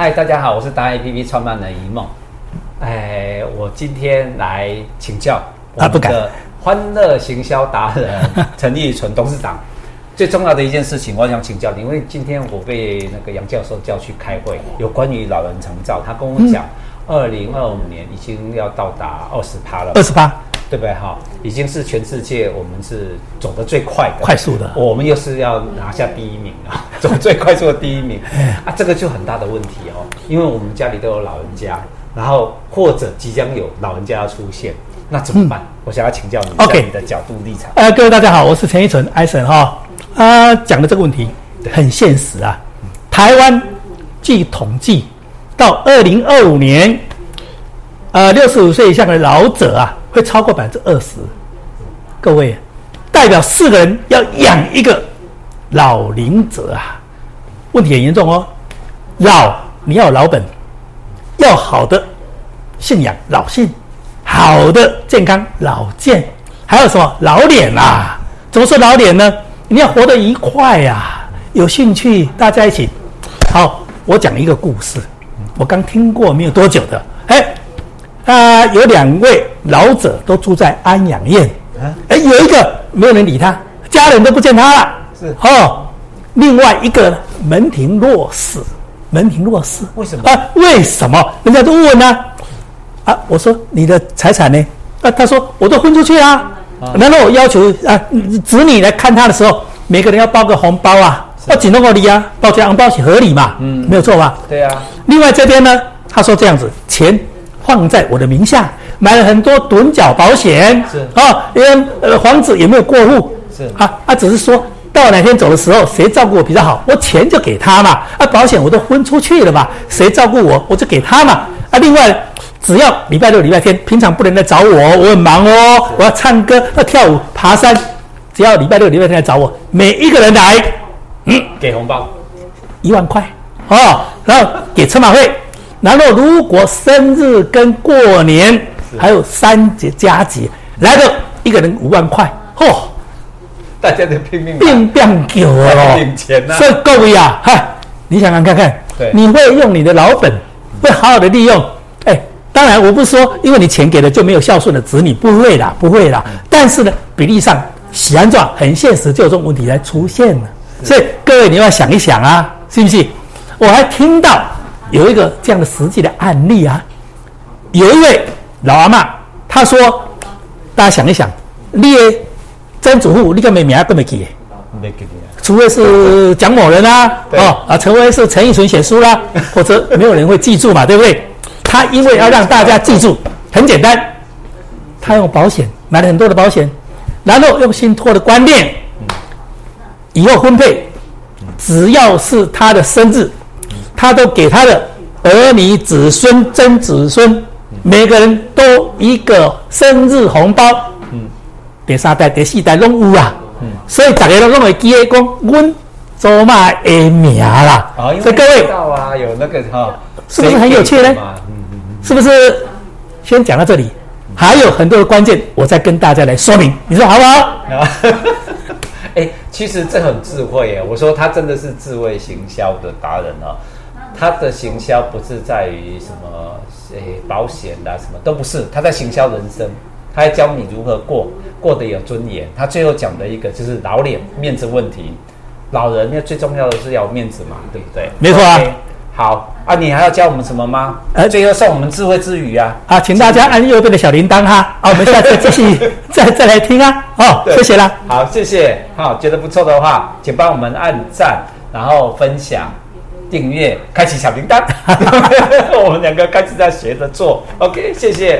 嗨，Hi, 大家好，我是達 A P P 創辦人一夢。哎，我今天來請教我不敢歡樂行銷達人、啊、陳亦純董事長， 最重要的一件事情，我想請教你，因為今天我被那個楊教授叫去開會，有關於老人長照，他跟我講，二零二五年已經要到達二十趴了，二十趴，對不對？哈，已經是全世界，我們是走得最快的，快速的，我們又是要拿下第一名了。嗯嗯走最快速的第一名啊，這個就很大的問題哦，因為我們家裡都有老人家，然後或者即將有老人家要出現，那怎麼辦？嗯、我想要請教你 OK 你的角度 Okay 立場。呃，各位大家好，我是陳亦純艾森哈啊，講的這個問題很現實啊。台灣據統計，到二零二五年，呃，六十五歲以上的老者啊，會超過百分之二十。各位，代表四個人要養一個。老齡者啊，問題很嚴重哦。老你要老本，要好的信仰老信，好的健康老健，還有什麼老臉啊，怎麼說老臉呢？你要活得愉快呀！有興趣大家一起，好，我講一個故事，我剛聽過沒有多久的，哎，啊、呃，有兩位老者都住在安養院啊，哎，有一個沒有人理他，家人都不見他了。是、哦、另外一個門庭若市，門庭若市，為什麼啊？為什麼人家都問呢、啊？啊，我說你的財產呢？啊，他說我都分出去啊。啊，然後我要求啊，子女來看他的時候，每個人要包個紅包啊，僅錦上添花，啊，包這樣包合理嘛？嗯，沒有錯吧？對啊。另外這邊呢，他說，這樣子，錢放在我的名下，買了很多躉繳保險，是啊，因為、哦、呃，房子有沒有過戶？是啊，他、啊、只是說。到哪天走的時候，誰照顧我比較好，我錢就給他嘛。啊，保險我都分出去了嘛，誰照顧我，我就給他嘛。啊，另外，只要禮拜六、禮拜天，平常不能來找我，我很忙哦。我要唱歌、要跳舞、爬山。只要禮拜六、禮拜天來找我，每一個人來，嗯，給紅包一萬塊哦。然後給車馬費。然後如果生日跟過年還有三節佳節來個一個人五萬塊，嚯！大家得拼命命變舊啊，所以各位啊，嗨，你想想看看，對你會用你的老本，會好好的利用。哎、欸，當然我不是說，因為你錢給了就沒有孝順的子女，不會啦，不會啦。但是呢，比例上喜安狀很現實，就有這種問題來出現了。是所以各位你要想一想啊，是不是？我還聽到有一個這樣的實際的案例啊，有一位老阿媽，她說，大家想一想，列。曾祖父，你個沒名都沒記，沒記，除非是蔣某人啊，哦啊對，除非是陳亦純寫書啦、啊，或者沒有人會記住嘛， 對不對？他因為要讓大家記住，很簡單，他用保險買了很多的保險，然後用信托的觀念，以後分配，只要是他的生日，他都給他的兒女子孫曾子孫，每個人都一個生日紅包。第三代、第四代攏有啊，嗯、所以大家都認為記起講，阮做嘛的名啦。哦，因為位道啊，有那個哈，哦、所以各位，是不是很有趣呢？是不是？先講到這裡，嗯、還有很多的關鍵，我再跟大家來說明。你說好不好？好、嗯。哎、 欸，其實這很智慧耶！我說他真的是智慧行銷的達人啊、哦。他的行銷不是在於什麼誒保險啦，什麼都不是，他在行銷人生。他還教你如何過，過得有尊嚴。他最後講的一個就是老臉面子問題，老人呢最重要的是要面子嘛，對不對？沒錯啊。Okay, 好啊，你還要教我們什麼嗎？呃、最後送我們智慧之語啊。好、啊請啊，請大家按右邊的小鈴鐺哈。啊，我們下次再繼續 再再來聽啊。好、哦，對謝謝啦！好，謝謝。好，覺得不錯的話，請幫我們按讚，然後分享、訂閱、開啟小鈴鐺。 我們兩個開始在學着做。OK，謝謝。